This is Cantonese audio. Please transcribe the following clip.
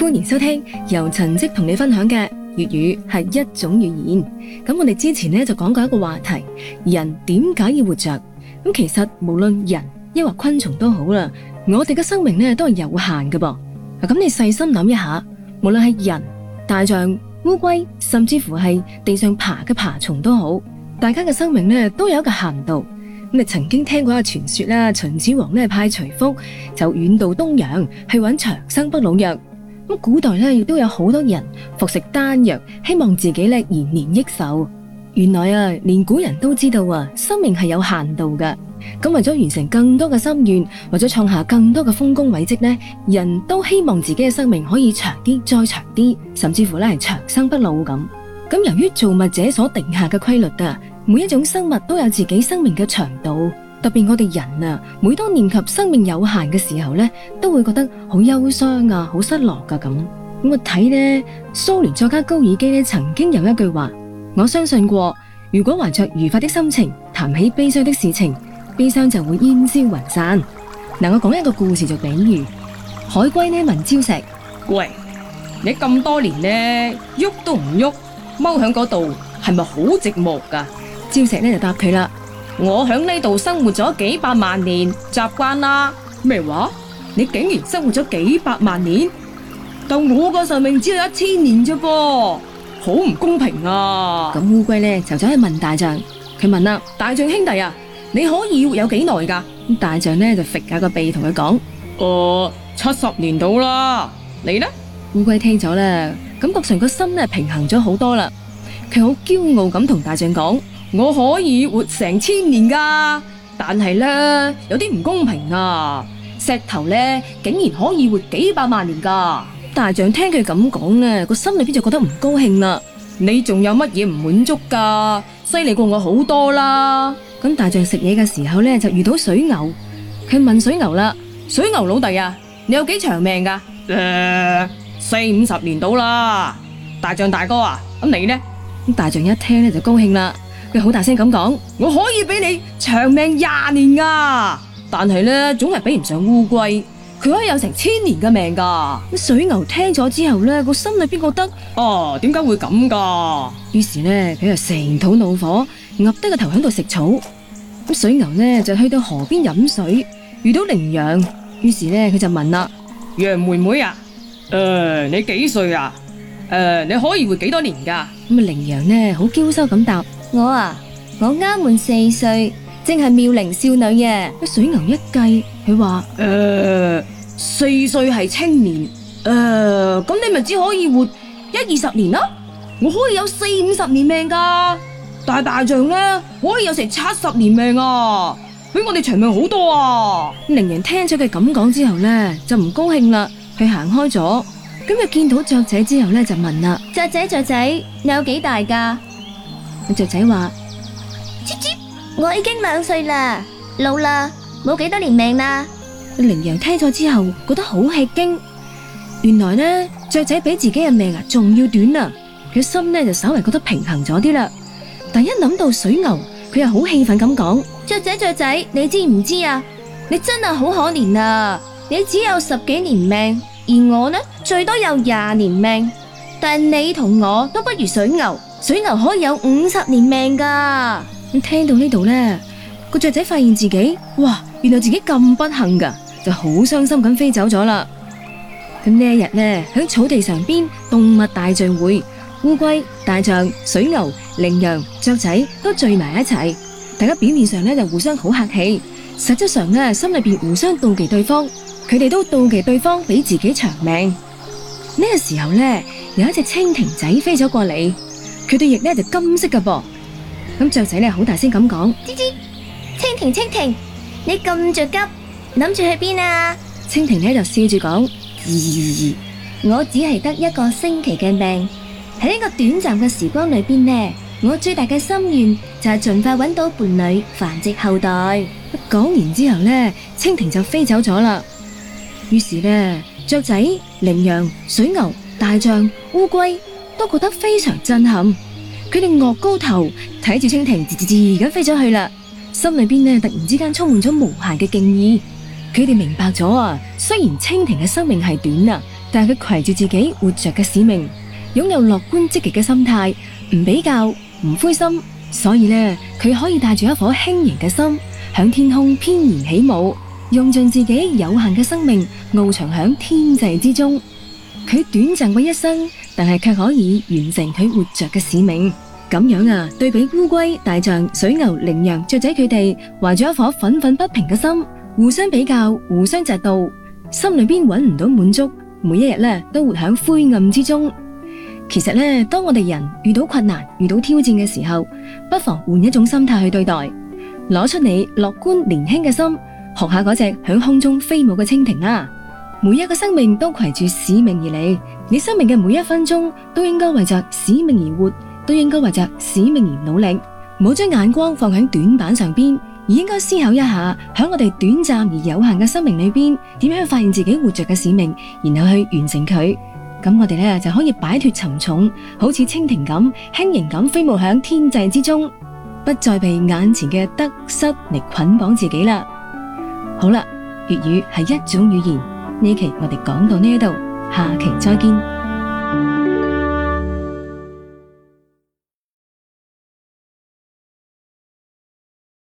歡迎收聽，由陳迹同你分享嘅粵語係一種語言。咁我哋之前咧就講過一個話題，人點解要活着？咁其實無論人抑或昆蟲都好啦，我哋嘅生命咧都係有限嘅噃。咁你細心諗一下，無論係人、大象、烏龜，甚至乎係地上爬嘅爬蟲都好，大家嘅生命咧都有一個限度。咁你，曾經聽過一個傳說啦，秦始皇咧派徐福就遠渡東洋去搵長生不老藥。咁古代咧，亦都有好多人服食丹藥，希望自己咧延年益壽。原來啊，連古人都知道啊，生命係有限度噶咁為咗完成更多嘅心願，為咗創下更多嘅豐功偉績呢，人都希望自己嘅生命可以長啲再長啲，甚至乎咧係長生不老咁。咁由於造物者所定下嘅規律啊，每一種生物都有自己生命嘅長度。特別我哋人啊，每當念及生命有限嘅時候咧，都會覺得好憂傷啊，好失落噶、啊、咁。我睇咧，蘇聯作家高爾基咧曾經有一句話，我相信過，如果懷着愉快的心情談起悲傷的事情，悲傷就會煙消雲散。嗱、嗯，我講一個故事就比喻，海龜咧問礁石，喂，你咁多年咧喐都唔喐，踎響嗰度係咪好寂寞噶？礁石咧就答佢啦。我響呢度生活咗幾百萬年，習慣啦。咩話？你竟然生活咗幾百萬年，到我個壽命只有一千年啫噃，好唔公平啊！咁烏龜咧就走，走去問大象，佢問啦、啊，大象兄弟啊，你可以活有幾耐噶？咁大象咧就揈下個鼻同佢講，哦、呃，七十年到啦。你咧？烏龜聽咗咧，感覺上個心咧平衡咗好多啦。佢好驕傲咁同大象講。我可以活成千年噶、啊，但係咧有啲唔公平啊！石頭咧竟然可以活幾百萬年噶。大象聽佢咁講咧，個心裏邊就覺得唔高興啦。你仲有乜嘢唔滿足噶？犀利過我好多啦。咁大象食嘢嘅時候咧就遇到水牛，佢問水牛啦：水牛老弟啊，你有幾長命噶？呃，四五十年到啦。大象大哥啊，咁你呢？咁大象一聽咧就高興啦。佢好大聲咁講，我可以俾你長命廿年啊！但係咧，總係比唔上烏龜，佢可以有成千年嘅命噶、啊。咁水牛聽咗之後咧，個心裏邊覺得，哦、啊，點解會咁噶、啊？於是咧，佢就成肚怒火，壓低個頭喺度食草。咁水牛呢，就去到河邊飲水，遇到羚羊，於是咧佢就問啦：羊妹妹啊，誒、呃，你幾歲啊？誒、呃，你可以活幾多年噶？咁啊，羚羊呢，好嬌羞咁答。我啊，我啱滿四歲，正係妙齡少女耶、啊。水牛一計，佢話：，誒、呃，四歲係青年，誒、呃，咁你咪只可以活一二十年啦。我可以有四五十年命噶，但係大象咧，可以有成七十年命啊，比我哋長命好多啊。令人聽咗佢咁講之後咧，就唔高興啦，佢行開咗。咁佢見到雀仔之後咧，就問啦：雀仔雀仔，你有幾大噶？雀仔話：吱吱，我已經兩歲啦，老啦，冇幾多年命啦。羚羊聽咗之後，覺得好吃驚。原來呢雀仔比自己嘅命啊，仲要短啊。佢心呢就稍微覺得平衡咗啲啦。但一諗到水牛，佢又好氣憤咁講：雀仔雀仔，你知唔知啊？你真係好可憐啊！你只有十幾年命，而我呢最多有廿年命。但你同我都不如水牛。水牛可以有五十年命噶。咁聽到呢度呢，呢個雀仔發現自己，哇！原來自己咁不幸噶，就好傷心咁飛走咗啦。咁呢一日呢喺草地上邊，動物大聚會，烏龜、大象、水牛、羚羊、雀仔都聚埋一齊。大家表面上呢就互相好客氣，實質上呢，心裏邊互相妒忌對方。佢哋都妒忌對方比自己長命。呢，呢個時候呢，有一隻蜻蜓仔飛咗過嚟。佢對翼呢就金色噶噃，咁雀仔呢好大聲咁講：吱吱，蜻蜓，蜻蜓，你咁着急，諗住去邊啊？蜻蜓呢就笑住講：，我只係得一個星期嘅命，喺呢個短暫嘅時光裏邊呢，我最大嘅心願就係盡快搵到伴侶，繁殖後代。講完之後呢，蜻蜓就飛走咗啦。於是呢，雀仔、羚羊、水牛、大象、烏龜。都覺得非常震撼，佢哋岳高頭睇住蜻蜓，吱吱吱咁飛咗去啦，心裏邊呢突然之間充滿咗無限嘅敬意。佢哋明白咗啊，雖然蜻蜓嘅生命係短啊，但係佢攜住自己活着嘅使命，擁有樂觀積極嘅心態，唔比較，唔灰心，所以呢，佢可以帶住一顆輕盈嘅心，響天空翩然起舞，用盡自己有限嘅生命，翱翔響天際之中。佢短暫過一生，但係卻可以完成佢活着嘅使命。咁樣啊，對比烏龜、大象、水牛、羚羊、雀仔佢哋，懷住一顆憤憤不平嘅心，互相比較，互相嫉妒，心裏邊揾唔到滿足，每一日咧都活喺灰暗之中。其實咧，當我哋人遇到困難、遇到挑戰嘅時候，不妨換一種心態去對待，攞出你樂觀、年輕嘅心，學下嗰隻響空中飛舞嘅蜻蜓啦、啊。每一個生命都攜住使命而嚟，你生命嘅每一分鐘都應該為着使命而活，都應該為着使命而努力。唔好將眼光放喺短板上邊，而應該思考一下，響我哋短暫而有限嘅生命裏邊，點樣發現自己活着嘅使命，然後去完成佢。咁我哋呢就可以擺脫沉重，好似蜻蜓咁輕盈咁飛舞響天際之中，不再被眼前嘅得失嚟捆綁自己啦。好啦，粵語係一種語言。呢期我哋講到呢度，下期再見。